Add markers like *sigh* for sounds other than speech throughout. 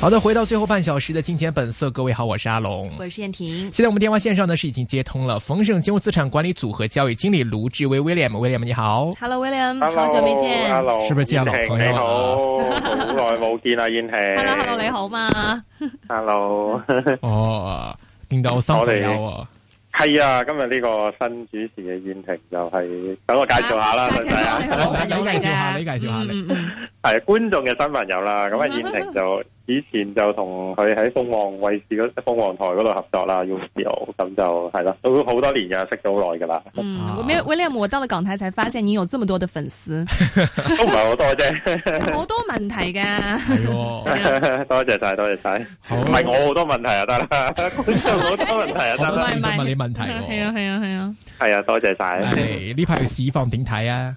好的，回到最後半小時的金錢本色，各位好，我是阿龍，我是燕婷。現在我們電話線上呢是已經接通了，豐盛金融資產管理組合交易經理盧志威 William，William William, 你好，Hello William，好久沒見，Hello，是不是這樣的朋友？好耐冇 *laughs* 見啊燕婷 Hello Hello、oh, *laughs* 你好嘛，Hello，哦，見、 *laughs* oh, *laughs* 到新朋友啊，係 *laughs* 啊，今日呢個新主持嘅燕婷就係、是，等我介紹下啦，係啊，有嚟嘅，你介紹下你，係觀眾嘅新朋友啦，咁啊燕婷就。 *laughs* 以前就同佢喺鳳凰衛視嗰鳳凰台嗰度合作啦 UFO，咁就係啦，都好多年嘅，識咗好耐噶啦。嗯、啊、，William，我到了港台，才發現你有這麼多嘅粉絲。唔係好多啫，好 *laughs* 多問題噶 *laughs* *laughs* 對、哦。 *laughs* 多謝晒、 *laughs* *laughs* 哦， *laughs* *laughs* 多謝晒，唔係我好多問題啊，得啦，好多問題啊，得啦，唔係問你問題，係啊，係啊，係啊，係啊，多謝晒。呢排嘅市況點睇啊？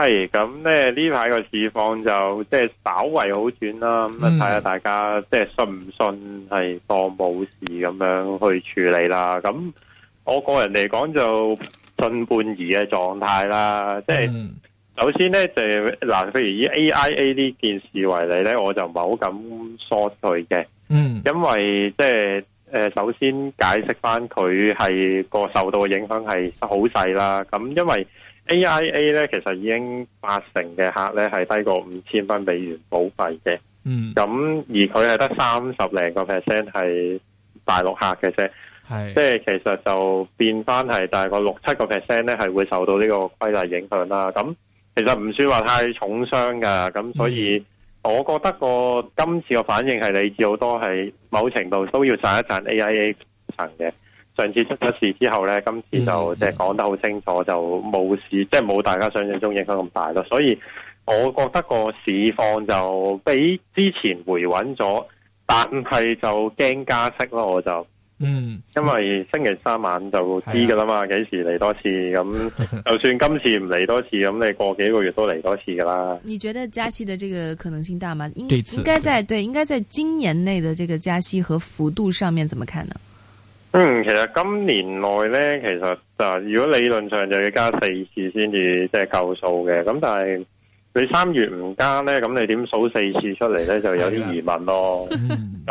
係咁咧，呢排個市況就即係稍為好轉啦。咁睇下大家即係信唔信，係當冇事咁樣去處理啦。咁我個人嚟講就半信半疑嘅狀態啦。即、嗯、係、就是、首先咧，就嗱，譬如以 AIA 呢件事為例咧，我就唔係好敢疏佢嘅。嗯，因為即係誒，首先解釋翻佢係個受到嘅影響係好細啦。咁因為 AIA 咧，其實已經八成嘅客咧係低過五千蚊美元保費嘅，嗯，咁而佢係得三十零個 percent 係大陸客嘅啫，係，即係其實就變翻係大概六七個 percent 咧係會受到呢個規例影響啦。咁其實唔算話太重傷㗎，咁所以我覺得個今次嘅反應係理智好多，係某程度都要賺一賺 AIA 層嘅。上次出咗事之後呢，今次就即係講得好清楚，嗯、就冇事、嗯，即係冇大家想象中影響咁大咯。所以我覺得個市況就比之前回穩咗，但係就驚加息咯。我就嗯，因為星期三晚就知噶啦嘛，嗯、幾時嚟？多次咁，啊啊就算今次唔嚟多次咁，那你過幾個月都嚟多次噶啦。你覺得加息嘅，這個可能性大嗎？應該應該在對，應該在今年內的這個加息和幅度上面，怎麼看呢？嗯，其實今年內咧，其實啊，如果理論上就要加四次先至即係夠數嘅，咁但係你三月唔加咧，咁你點數四次出嚟咧，就有啲疑問咯。咁 *laughs*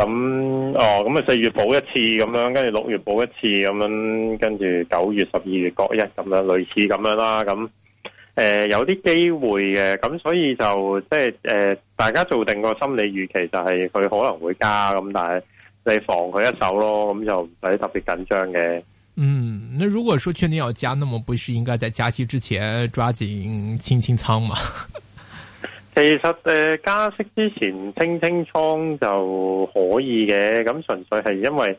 哦，咁啊四月補一次咁樣，跟住六月補一次咁樣，跟住九月、十二月各一咁樣，類似咁樣啦。咁誒、呃、有啲機會嘅，咁所以就即係誒大家做定個心理預期，就係佢可能會加咁，但係，你防佢一手咯，咁就唔使特別緊張嘅。嗯，那如果說確定要加，那麼不是應該在加息之前抓緊清清倉嘛？其實誒、呃，加息之前清清倉就可以嘅，咁純粹係因為誒、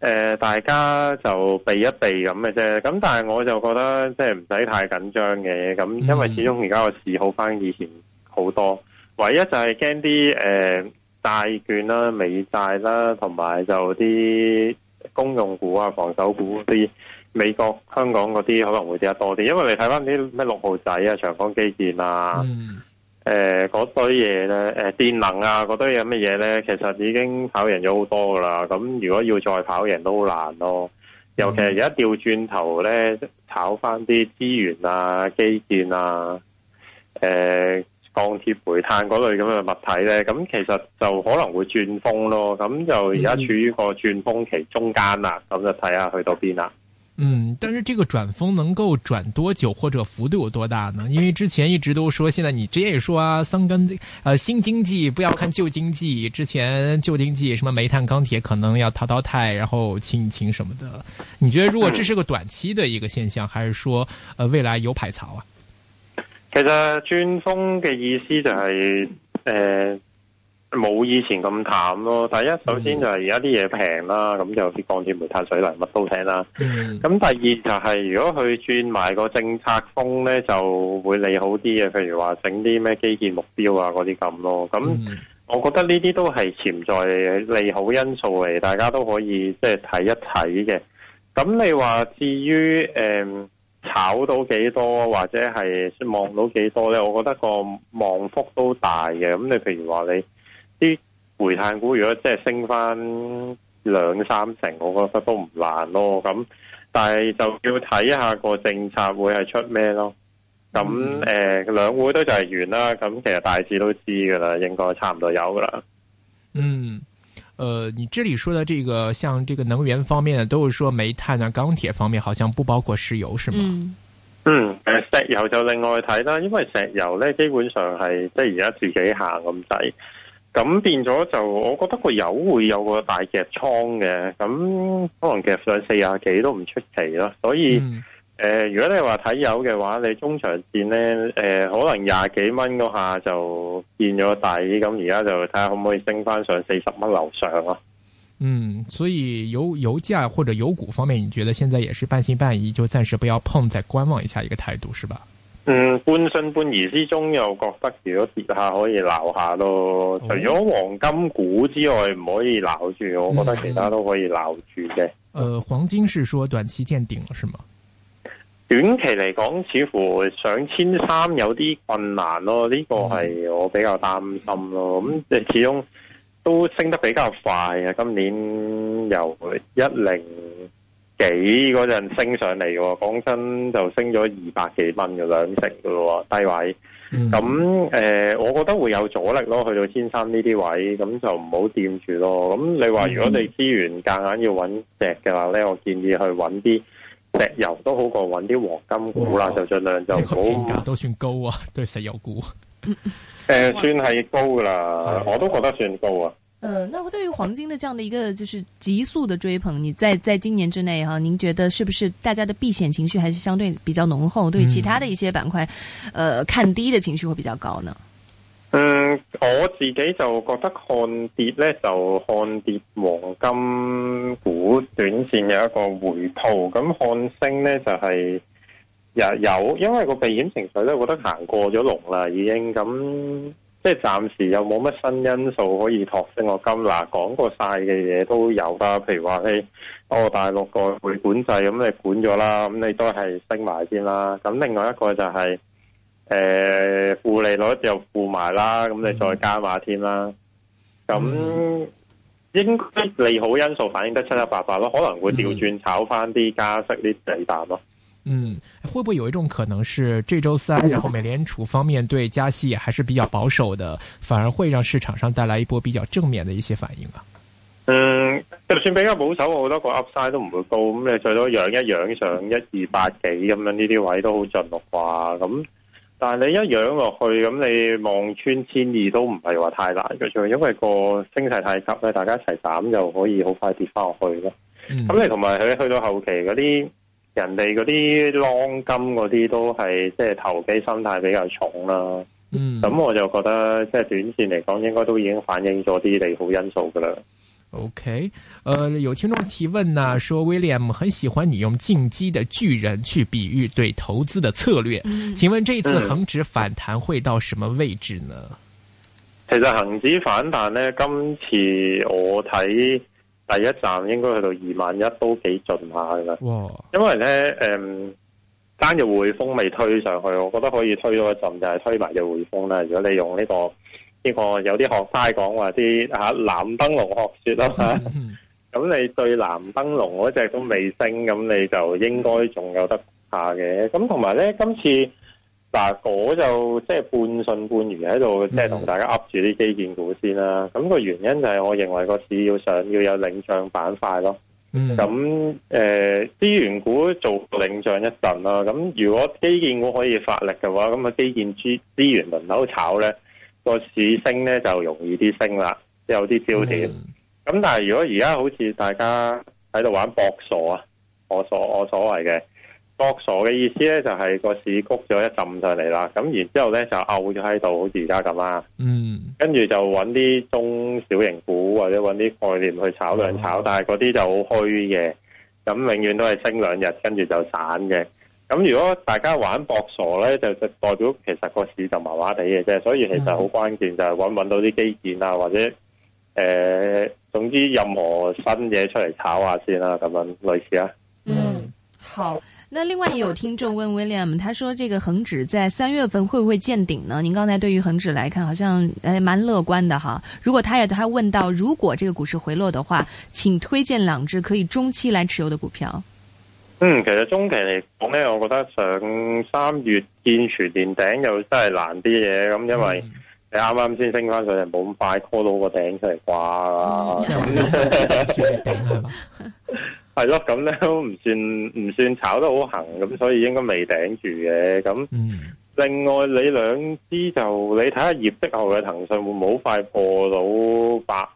呃、大家就避一避咁嘅啫。咁但係我就覺得即係唔使太緊張嘅，咁因為始終而家個市好翻以前好多，唯一就係驚啲誒。呃債券啦、啊、美債啦、啊，同埋就啲公用股啊、防守股嗰啲，美國、香港嗰啲可能會跌得多啲。因為你睇翻啲咩六號仔啊、長江基建啊、誒、嗯、嗰、呃、堆嘢咧，誒、呃、電能啊嗰堆嘢乜嘢咧，其實已經跑贏咗好多噶啦。咁如果要再跑贏都好難咯。尤其係而家調轉頭咧，炒翻啲資源啊、基建啊、誒、呃。鋼鐵、煤炭嗰類咁嘅物體呢，咁其實就可能會轉風咯，咁就而家處於個轉風期中間啦，咁就睇下去到邊啦，嗯，但是這個轉風能夠轉多久或者幅度有多大呢？因為之前一直都說，現在你之前也說啊，三根，呃，新經濟不要看舊經濟，之前舊經濟什麼煤炭、鋼鐵可能要淘淘汰，然後清一清什麼的。你覺得如果這是個短期的一個現象，還是說，呃，未來有排槽啊？其實轉風嘅意思就係誒冇以前咁淡咯。第一，首先就係而家啲嘢平啦，咁、嗯、就啲鋼鐵、煤炭水、水泥乜都平啦。咁、嗯、第二就係、是、如果佢轉埋個政策風咧，就會利好啲嘅。譬如話整啲咩基建目標啊嗰啲咁咯。咁、嗯、我覺得呢啲都係潛在利好因素嚟，大家都可以即係睇一睇嘅。咁你話至於誒？呃炒到幾多或者係望到幾多呢？我覺得個望幅都大嘅。咁你譬如話你啲煤炭股，如果即係升翻兩三成，我覺得都唔難咯。咁但係就要睇下個政策會係出咩咯。咁誒，嗯、呃、兩會都就係完啦。咁其實大致都知噶啦，應該差唔多有噶啦。嗯。呃，你這裡說的這個，像這個能源方面的，都是說煤炭啊、鋼鐵方面，好像不包括石油，是嗎？嗯，呃、石油就另外睇啦，因為石油咧基本上係即係而家自己行咁滯，咁變咗就我覺得個油會有個大夾倉嘅，咁可能夾上四啊幾都唔出奇啦，所以。嗯誒、呃，如果你話睇油嘅話，你中長線咧，誒、呃，可能廿幾蚊嗰下就變咗底，咁而家就睇下可唔可以升翻上四十蚊樓上咯、啊。嗯，所以油油價或者油股方面，你覺得現在也是半信半疑，就暫時不要碰，再觀望一下一個態度，是吧？嗯，半信半疑之中，又覺得如果跌下可以撈下咯、哦。除咗黃金股之外，唔可以撈住，我覺得其他都可以撈住嘅。誒、嗯嗯，呃，黃金是說短期見頂了，是嗎？短期嚟講，似乎上千三有啲困難咯，呢、這個係我比較擔心咯。咁即係始終都升得比較快啊，今年由一零幾嗰陣升上嚟嘅，講真就升咗二百幾蚊嘅兩成噶咯，低位。咁、嗯、誒、呃，我覺得會有阻力咯，去到千三呢啲位，咁就唔好掂住咯。咁你話如果你資源夾硬要搵隻嘅話咧，我建議去搵啲。石油都好過搵啲黃金股啦，哦、就盡量就保。都算高啊，對石油股。誒、呃，算係高噶啦。我都覺得算高啊。嗯、呃，那對於黃金的這樣的一個就是急速的追捧，你在在今年之內哈，您覺得是不是大家的避險情緒還是相對比較濃厚，嗯、對其他的一些板塊，呃，看低的情緒會比較高呢？嗯，我自己就覺得看跌咧，就看跌黃金股短線有一個回吐。咁看升咧，就係又有，因為個避險情緒咧，我覺得行過咗龍啦，已經咁，即係暫時又冇乜新因素可以托升個金。嗱、啊，講過晒嘅嘢都有啦，譬如話你我大陸個回管制，咁你管咗啦，咁你都係升埋先啦。咁另外一個就係。誒、嗯，負利率就負埋啦，咁你再加碼添啦。咁應該利好因素反映得七七八八咯，可能會調轉炒翻啲加息啲地彈咯。嗯，會唔會有一種可能是這周三，然後美聯儲方面對加息也還是比較保守的，反而會讓市場上帶來一波比較正面的一些反應啊？嗯，就算比較保守，我覺得個 Upside 都唔會高，咁你最多養一養上一二八幾咁樣呢啲位置都好盡落啩，咁、嗯。但係你一樣落去，咁你望穿千二都唔係話太難嘅，因為個升勢太急咧，大家一齊斬就可以好快跌翻落去咯。咁、嗯、你同埋佢去到後期嗰啲人哋嗰啲浪金嗰啲都係即係投機心態比較重啦。嗯，咁我就覺得即係、就是、短線嚟講，應該都已經反映咗啲利好因素噶啦。OK，誒、呃，有聽眾提問呢、啊，說 William 很喜歡你用進擊的巨人去比喻對投資的策略，請問這次恒指反彈會到什麼位置呢？其實恒指反彈呢，今次我睇第一站應該去到二萬一都幾盡下噶哇，因爲呢誒，今、呃、日匯豐未推上去，我覺得可以推咗一陣就係推埋隻匯豐啦。如果你用呢、這個。呢個有啲學生講話啲吓藍燈籠學說咯，咁你對藍燈籠嗰隻都未升，咁你就應該仲有得下嘅。咁同埋咧，今次嗱，我就即係半信半疑喺度，即係同大家噏住啲基建股先啦。咁個原因就係我認為個市要上要有領漲板塊咯。咁誒，資源股做領漲一陣啦。咁如果基建股可以發力嘅話，咁啊基建資資源輪流炒咧。個市升咧就容易啲升啦，即有啲焦點。咁、mm -hmm. 但係如果而家好似大家喺度玩博傻啊，我所我所謂嘅博傻嘅意思咧就係個市谷咗一浸上嚟啦，咁然之後咧就漚咗喺度，好似而家咁啦。嗯，跟住就揾啲中小型股或者揾啲概念去炒兩、mm -hmm. 炒，但係嗰啲就好虛嘅，咁永遠都係升兩日，跟住就散嘅。咁如果大家玩博傻咧，就就代表其實個市就麻麻地嘅啫，所以其實好關鍵就係揾唔揾到啲基建啊，或者誒、呃，總之任何新嘢出嚟炒下先啦、啊，咁樣類似啊。嗯，好。那另外有聽眾問 William，他說，這個恒指在三月份會不會見頂呢？您剛才對於恒指來看，好像誒蠻樂觀的哈。如果他也他問到，如果這個股市回落的話，請推薦兩支可以中期來持有的股票。嗯，其實中期嚟講咧，我覺得上三月見全年頂又真係難啲嘢，咁因為你啱啱先升翻上，嚟，冇咁快 call 到個頂出嚟掛啦。係咯，咁咧都唔算唔算炒得好行，咁所以應該未頂住嘅。咁另外你兩支就你睇下業績後嘅騰訊會唔會好快破到百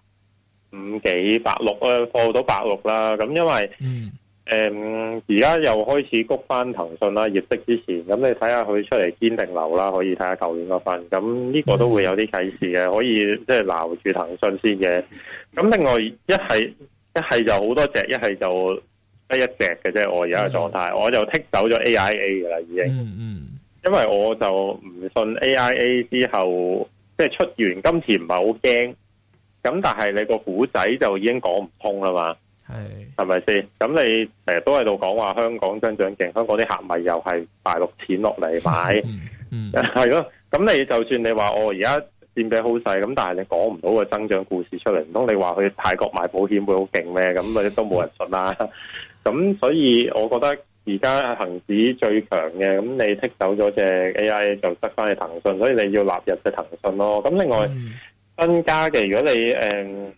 五幾百六啊？破到百六啦，咁因為嗯。 *laughs* 誒、嗯，而家又開始谷翻騰訊啦，業績之前，咁你睇下佢出嚟堅定流啦，可以睇下舊年嗰份，咁呢個都會有啲啟示嘅，可以即係撈住騰訊先嘅。咁另外一係一係就好多隻，一係就得一隻嘅啫，我而家嘅狀態，mm -hmm. 我就剔走咗 AIA 噶啦，已經，嗯嗯，因為我就唔信 AIA 之後即係出完金錢唔係好驚，咁但係你個故仔就已經講唔通啦嘛。係，係咪先？咁你成日都喺度講話香港增長勁，香港啲客咪又係大陸錢落嚟買，係、嗯、咯。咁、嗯、 *laughs* 你就算你話我而家佔比好細，咁、哦、但係你講唔到個增長故事出嚟。唔通你話去泰國買保險會好勁咩？咁你都冇人信啦、啊。咁所以我覺得而家恒指最強嘅。咁你剔走咗隻 AIA 就得翻係騰訊，所以你要納入隻騰訊咯。咁另外增、嗯、加嘅，如果你誒。嗯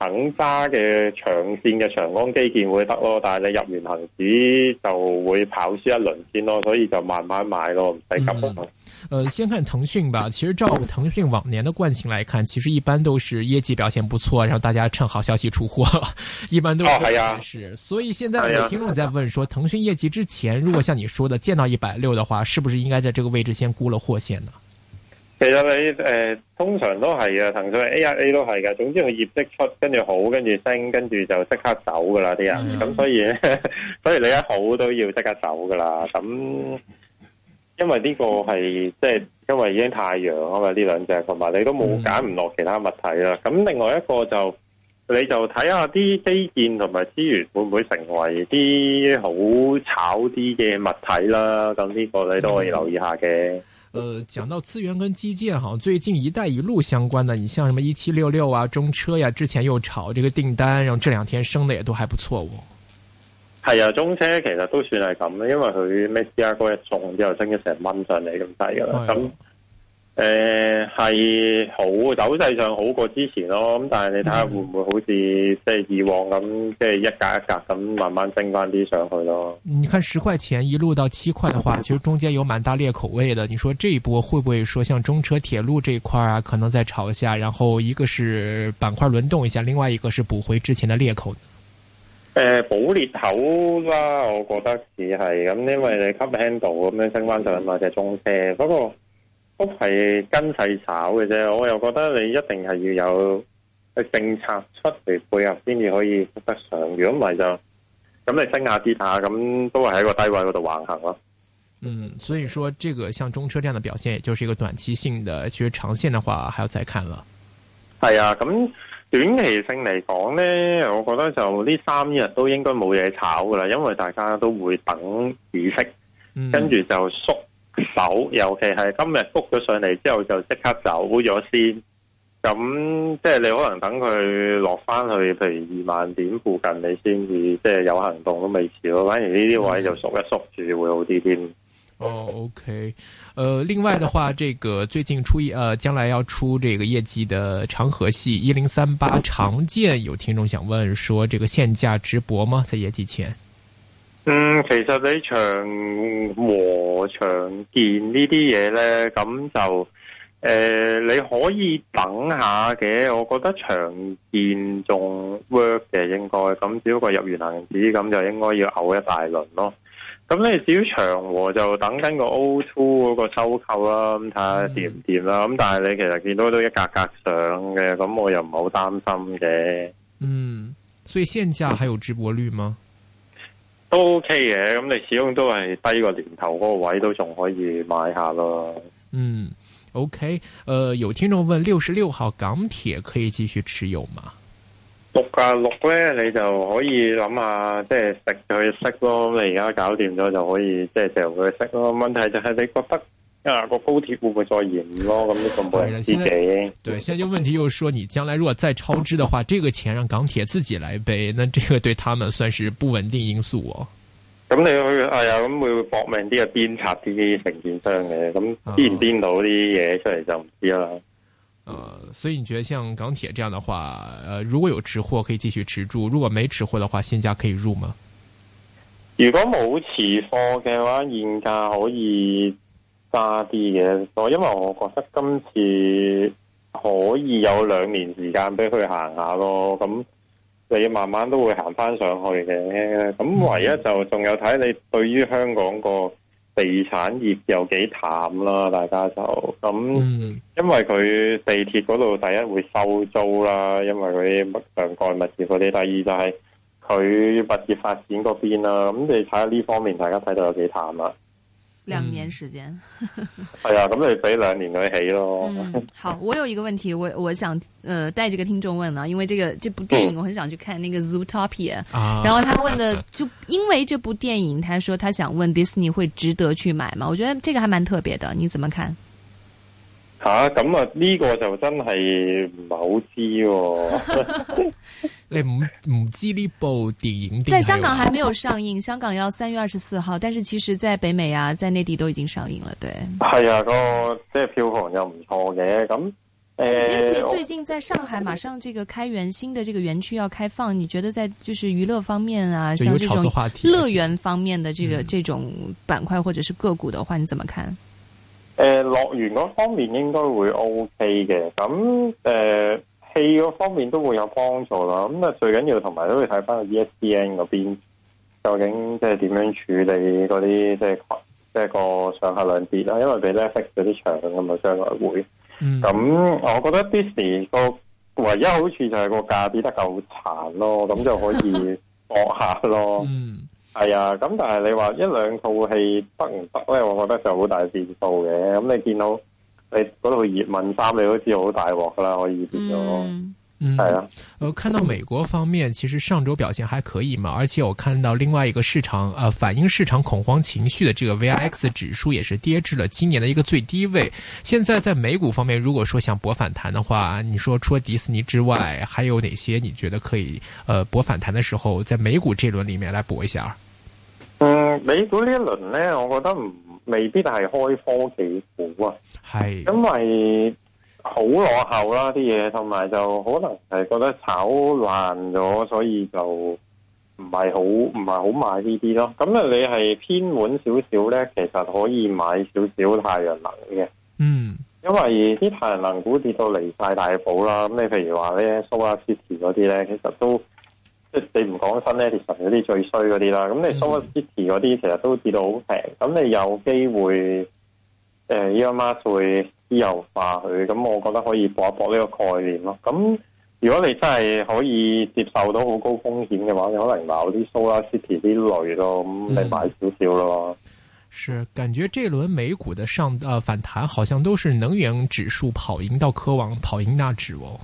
肯揸嘅長線嘅長江基建會得咯，但係你入完恒指就會跑輸一輪先咯，所以就慢慢買咯，唔使急衝。誒、嗯呃，先看騰訊吧。其實照騰訊往年的慣性來看，其實一般都是業績表現不錯，然後大家趁好消息出貨， *laughs* 一般都係啊、哦，是啊。所以現在有聽眾在問說，騰訊、啊、業績之前，如果像你說的見到一百六的話，是不是應該在這個位置先沽了貨先呢？其實你誒、呃，通常都係噶，騰訊 AIA 都係噶。總之佢業績出，跟住好，跟住升，跟住就即刻走噶啦啲人。咁、mm -hmm. 所以咧，所以你一好都要即刻走噶啦。咁因為呢個係即係因為已經太熱啊嘛，呢兩隻，同埋你都冇揀唔落其他物體啦。咁、mm -hmm. 另外一個就，你就睇下啲基建同埋資源會唔會成為啲好炒啲嘅物體啦。咁呢個你都可以留意下嘅。呃，講到資源跟基建，好像最近一帶一路相關的，你像什麼一七六六啊，中車呀、啊，之前又炒這個訂單，然後這兩天升得也都還不錯喎。係啊，中車其實都算係咁啦，因為佢咩芝加哥一重之後升咗成蚊上嚟咁滯噶啦咁。哎誒，係好走勢上好過之前咯，咁但係你睇下會唔會好似即係以往咁，即係一格一格咁慢慢升翻啲上去咯。你看十塊錢一路到七塊嘅話，其實中間有蠻大裂口位的。你說這一波會不會說，像中車鐵路這一塊啊，可能再朝下？然後一個是板塊輪動一下，另外一個是補回之前的裂口呢。誒，補裂口啦，我覺得只係咁，因為你 cut handle 咁樣升翻上嘛，就係中車。不過。都係跟勢炒嘅啫，我又覺得你一定係要有政策出嚟配合，先至可以得上。如果唔係就咁，你升下跌下，咁都係喺個低位嗰度橫行咯。嗯，所以說，這個像中車這樣的表現，也就是一個短期性的，其實長線的話，還要再看了。係、嗯、啊，咁短期性嚟講、啊嗯、呢，我覺得就呢三日都應該冇嘢炒㗎啦，因為大家都會等議息，跟住就縮。走，尤其係今日覆咗上嚟之後就了即刻走咗先。咁即係你可能等佢落翻去，譬如二萬點附近，你先至即係有行動都未遲咯。反而呢啲位就縮一縮住會好啲啲、嗯。哦，OK。誒、呃，另外的話，這個最近出一，呃將來要出這個業績的長和係一零三八長建有聽眾想問說，這個現價直播嗎？在業績前？嗯，其實你長和長建呢啲嘢咧，咁就誒、呃，你可以等下嘅。我覺得長建仲 work 嘅，應該咁，只不過入完恒指咁就應該要嘔一大輪咯。咁你至於長和就等緊個 O two 嗰個收購啦，咁睇下掂唔掂啦。咁、嗯、但係你其實見到都一格格上嘅，咁我又唔好擔心嘅。嗯，所以現價還有直播率嗎？都 OK 嘅，咁你始終都係低個年頭嗰個位都仲可以買下咯。嗯，OK，誒、呃，有聽眾問六十六號港鐵可以繼續持有嗎？六呀六咧，你就可以諗下，即係食佢息咯。咁你而家搞掂咗就可以，即係食佢息咯。問題就係你覺得？啊！個高鐵會唔會再延咯？咁呢個唔係自己。對，現在問題又說，你將來如果再超支的話，這個錢讓港鐵自己來背，那這個對他們算是不穩定因素哦。咁你會哎呀，咁會唔會搏命啲啊，鞭策啲承建商嘅，咁邊然鞭到啲嘢出嚟就唔知啦。呃、啊啊，所以你覺得像港鐵這樣的話，呃，如果有持貨可以繼續持住，如果沒持貨的話，現價可以入嗎？如果冇持貨嘅話，現價可以。差啲嘅，因為我覺得今次可以有兩年時間俾佢行下咯，咁你慢慢都會行翻上去嘅。咁唯一就仲有睇你對於香港個地產業有幾淡啦，大家就咁，因為佢地鐵嗰度第一會收租啦，因為佢乜上蓋物業嗰啲，第二就係佢物業發展嗰邊啦。咁你睇下呢方面，大家睇到有幾淡啦。兩年時間，嗯、哎呀咁你俾兩年佢起咯、嗯。好，我有一個問題，我我想呃帶這個聽眾問啊，因為這個這部電影我很想去看那個 Zootopia、嗯、然後他問的、啊、就因為這部電影，他說他想問 Disney 會值得去買嗎？我覺得這個還蠻特別的，你怎麼看？吓，咁啊，呢、這個就真係唔係好知你唔唔知呢部電影，在香港還沒有上映， *laughs* 香港要三月二十四號，但是其實在北美啊，在內地都已經上映了。對，係啊，個即係票房又唔錯嘅咁。誒，呃、迪士尼最近在上海，馬上這個開園 *laughs* 新的這個園區要開放，你覺得在就是娛樂方面啊，像這種樂園方面的這個、嗯、這種板塊或者是個股的話，你怎麼看？誒、呃，樂園嗰方面應該會 OK 嘅，咁誒。呃戲嗰方面都會有幫助啦，咁啊最緊要同埋都要睇翻 E S P N 嗰邊究竟即係點樣處理嗰啲即係即係個上下兩節啦，因為俾 Netflix 嗰啲搶啊嘛，將來會咁、嗯，我覺得 Disney 個唯一好處就係個價跌得夠殘咯，咁就可以博下咯，係 *laughs* 啊，咁但係你話一兩套戲得唔得咧？我覺得就好大變數嘅，咁你見到。你嗰度葉問三，你都知好大鑊噶啦，我意思就嗯，係啊。我、嗯呃、看到美國方面其實上周表現還可以嘛，而且我看到另外一個市場，呃反映市場恐慌情緒的這個 VIX 指數也是跌至了今年的一個最低位。現在在美股方面，如果說想博反彈的話，你說除了迪士尼之外，還有哪些你覺得可以，呃博反彈的時候，在美股這輪裏面來博一下？嗯，美股呢一輪呢，我覺得唔。未必係開科技股啊，係、嗯、因為好落後啦啲嘢，同埋就可能係覺得炒爛咗，所以就唔係好唔係好買呢啲咯。咁啊，你係偏穩少少咧，其實可以買少少太陽能嘅。嗯，因為啲太陽能股跌到離晒大譜啦。咁你譬如話咧，蘇阿斯提嗰啲咧，其實都。即係你唔講新 Edition 嗰啲最衰嗰啲啦，咁你 SolarCity 嗰啲其實都跌到好平，咁你有機會誒，呢一 match 會自由化佢，咁我覺得可以搏一搏呢個概念咯。咁如果你真係可以接受到好高風險嘅話，你可能買啲 SolarCity 啲類咯，咁你買少少咯。是，感覺這輪美股嘅上誒、呃、反彈，好像都是能源指數跑贏到科網跑贏納指哦。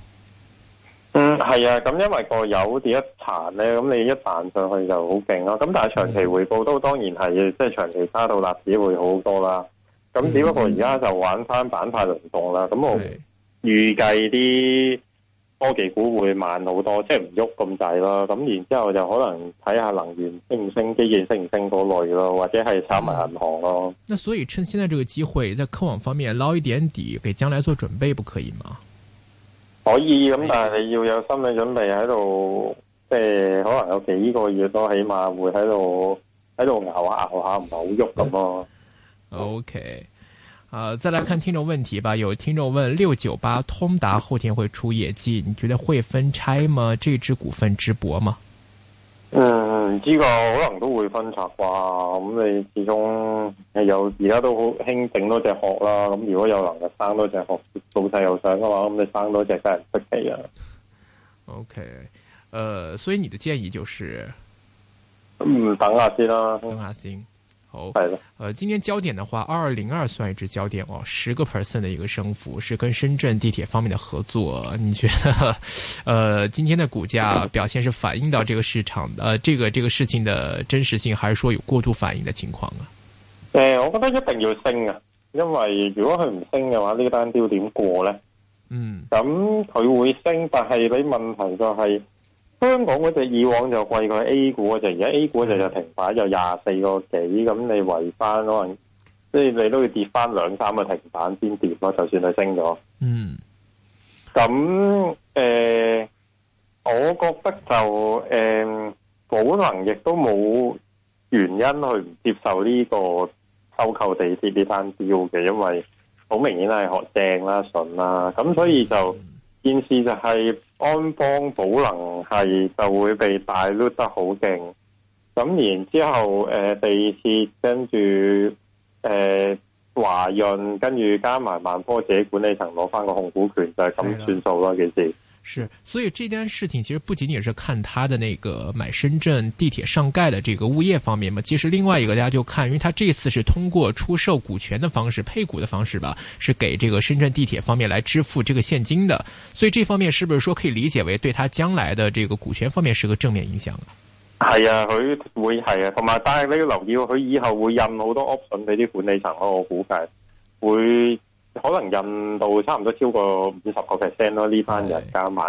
*noise* 嗯，係啊，咁因為個油跌一彈咧，咁你一彈上去就好勁咯。咁但係長期回報都當然係，即係長期揸到納指會好多啦。咁只不過而家就玩翻板塊輪動啦。咁我預計啲科技股會慢好多，即係唔喐咁滯啦。咁然之後就可能睇下能源升唔升，基建升唔升嗰類咯，或者係炒埋銀行咯。那所以趁現在這個機會，在科網方面撈一點底，給將來做準備，不可以嗎？可以咁，但係你要有心理準備喺度，即、呃、係可能有幾個月都起碼會喺度喺度熬下熬下，唔係好喐咁咯。OK，啊、uh，再來看聽眾問題吧。有聽眾問：六九八通達後天會出業績，你覺得會分拆嗎？這支股份值博嗎？嗯，呢、這個可能都會分拆啩，咁你始終有而家都好興整多隻殼啦，咁如果有能力生多隻殼，老細又想嘅話，咁你生多隻真係唔出奇啊。OK，誒、呃，所以你的建議就是，嗯，等下先啦，啊，等下先。哦，係咯，誒，今天焦點的話，二二零二算一隻焦點哦，十個 percent 的一個升幅，是跟深圳地鐵方面的合作。你覺得，呃，今天的股價表現是反映到這個市場，呃，這個這個事情的真實性，還是說有過度反應的情況啊？誒、呃，我覺得一定要升啊，因為如果佢唔升嘅話，這單呢單調點過咧，嗯，咁佢會升，但係你問題就係、是。香港嗰隻以往就貴過 A 股嗰隻，就而家 A 股就就停牌就廿四個幾，咁你圍翻，可能，即係你都要跌翻兩三個停板先跌咯，就算佢升咗。嗯，咁、呃、誒，我覺得就誒，呃、可能亦都冇原因去唔接受呢個收購地鐵跌翻標嘅，因為很明顯，是好明顯係學正啦、順啦，咁所以就。件事就係安邦寶能係就會被大擼得好勁，咁然之後誒第二次跟住誒華潤跟住加埋萬科，自己管理層攞翻個控股權就係、是、咁算數咯，件事。是，所以這件事情其實不僅僅是看他的那個買深圳地鐵上蓋的這個物業方面嘛，其實另外一個大家就看，因為他這次是通過出售股權的方式、配股的方式吧，是給這個深圳地鐵方面來支付這個現金的，所以這方面是不是說可以理解為對他將來的這個股權方面是個正面影響？係啊，佢會係啊，同埋、啊、但係你要留意，佢以後會印好多 option 俾啲管理層，我估計會。可能印度差唔多超過五十個 percent 咯，呢班人加買，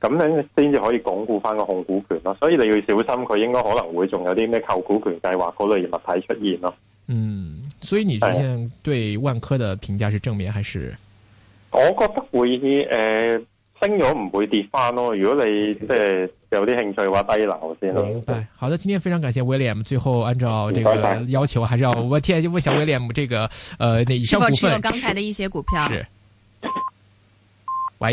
咁樣，先至可以鞏固翻個控股權咯。所以你要小心，佢應該可能會仲有啲咩購股權計劃嗰類嘢物體出現咯。嗯，所以你之前對萬科嘅評價是正面還是？我覺得會誒。呃升咗唔會跌翻咯，如果你即係、呃、有啲興趣嘅話，低樓先咯。哎、嗯，好的，今天非常感謝 William，最後按照這個要求，還是要我天就問下 William，這個， *laughs* 呃，你是否持有剛才的一些股票？是。